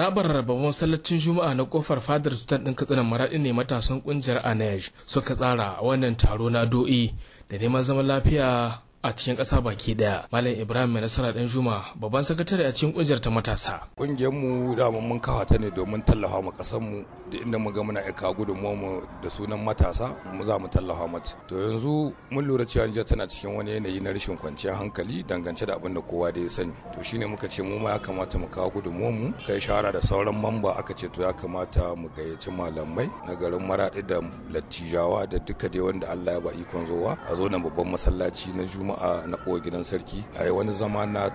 harabar rababin masallacin juma'a na kofar fadar sutan ɗin katsinan maraɗi ne matasan ƙungiyar anej suka tsara wannan taro na do'i da neman zaman lafiya a cikin ƙasa baki ɗaya malam ibrahim mai nasara ɗan juma babban sakatare a cikin ƙungiyar ta matasa ƙungiyar mu dama mun kawo ta ne domin tallafa mu ƙasar mu da inda mu ga muna aika gudunmuwa mu da sunan matasa mu za mu tallafa mata to yanzu mun lura cewa jiya tana cikin wani yanayi na rashin kwanciyar hankali dangance da abin da kowa da ya sani to shine muka ce mu ma ya kamata mu kawo gudunmuwa mu kai shahara da sauran mamba aka ce to ya kamata mu gayyaci malamai na garin maraɗi da lattijawa da duka dai wanda Allah ya ba ikon zowa a zo nan babban masallaci na juma a na gidan sarki a yi wani zama na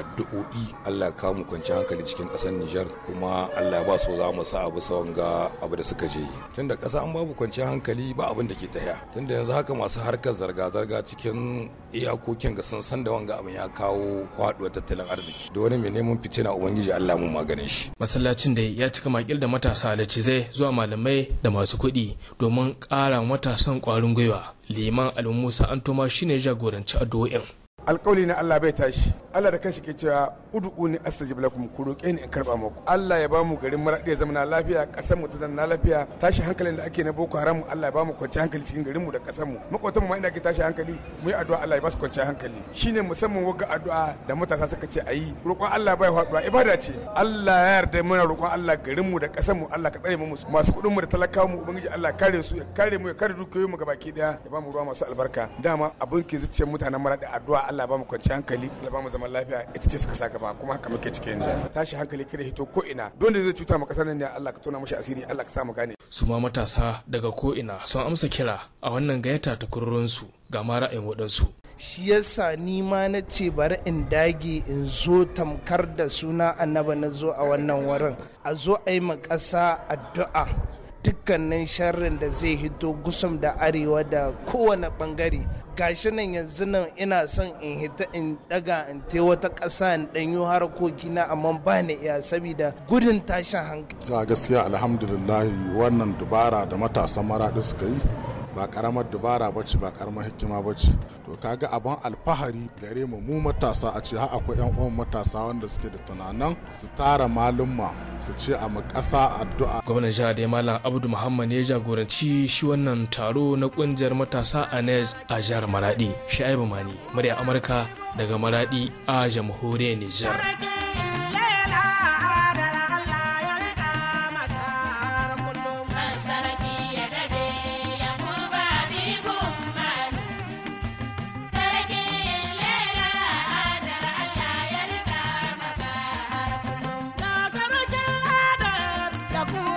addu'o'i allah ya mu kwanci hankali cikin kasar nijar kuma allah ya ba su za mu sa abu sa ga abu da suka je yi tunda ƙasa an babu kwanci hankali ba abin da ke ta tahiya tunda yanzu haka masu harkar zarga-zarga cikin iyakokin ga sun san da wanga abin ya kawo faɗuwar tattalin arziki da wani mai neman fitina ubangiji allah mu maganin shi masallacin da ya cika makil da matasa da cizai zuwa malamai da masu kuɗi domin ƙara matasan ƙwarin gwiwa liman al-musa antoma shine jagoranci addu'o'in alkawali na Allah bai tashi Allah da kanshi ke cewa ud'u ni astajib lakum ku roƙe ni in karba muku Allah ya ba mu garin mara ɗaya zama na lafiya ƙasar mu ta zama na lafiya tashi hankalin da ake na boko haram Allah ya ba mu kwanciyar hankali cikin garin mu da ƙasar mu makwatan mu ma inda ke tashi hankali mu yi addu'a Allah ya ba su kwanciyar hankali shine musamman wagga addu'a da matasa suka ce ayi roƙon Allah bai faɗuwa ibada ce Allah ya yarda mana roƙon Allah garin mu da ƙasar mu Allah ka tsare mu masu kuɗin mu da talakawa mu ubangiji Allah kare su ya kare mu ya kare dukiyoyin mu gabaki ɗaya ya mu ruwa masu albarka dama abin ke zuciyar mutanen maraɗi addu'a Allah Allah ba mu kwanci hankali Allah ba mu zaman lafiya ita ce suka saka ba kuma haka muke cikin ta tashi hankali kada hito ko ina don da zai cuta mu kasar nan ne Allah ka tona mushi asiri Allah ka sa mu gane su ma matasa daga ko ina sun amsa kira a wannan gayyata ta su ga ma ra'ayin waɗansu shi yasa ni ma na ce bari in dage in zo tamkar da suna annaba na zo a wannan wurin a zo a yi ma ƙasa addu'a dukkanin sharrin da zai hito gusum da arewa da kowane bangare gashi nan yanzu nan ina son in hita in daga in te wata ƙasa in ɗanyo harkoki na amma ba ni iya saboda gudun tashin hankali. gaskiya alhamdulillah wannan dubara da matasan maraɗi suka yi ba karamar dubara ba ce ba karamar hikima ba ce to kaga abin alfahari gare mu mu matasa a ce har akwai yan uwan matasa wanda suke da tunanan su tara malumma su ce a mu kasa addu'a gwamnan jihar dai malam abdu muhammad ne ya jagoranci shi wannan taro na kungiyar matasa a nej a jihar maradi shaibu mani murya amurka daga maradi a jamhuriyar nijar Welcome.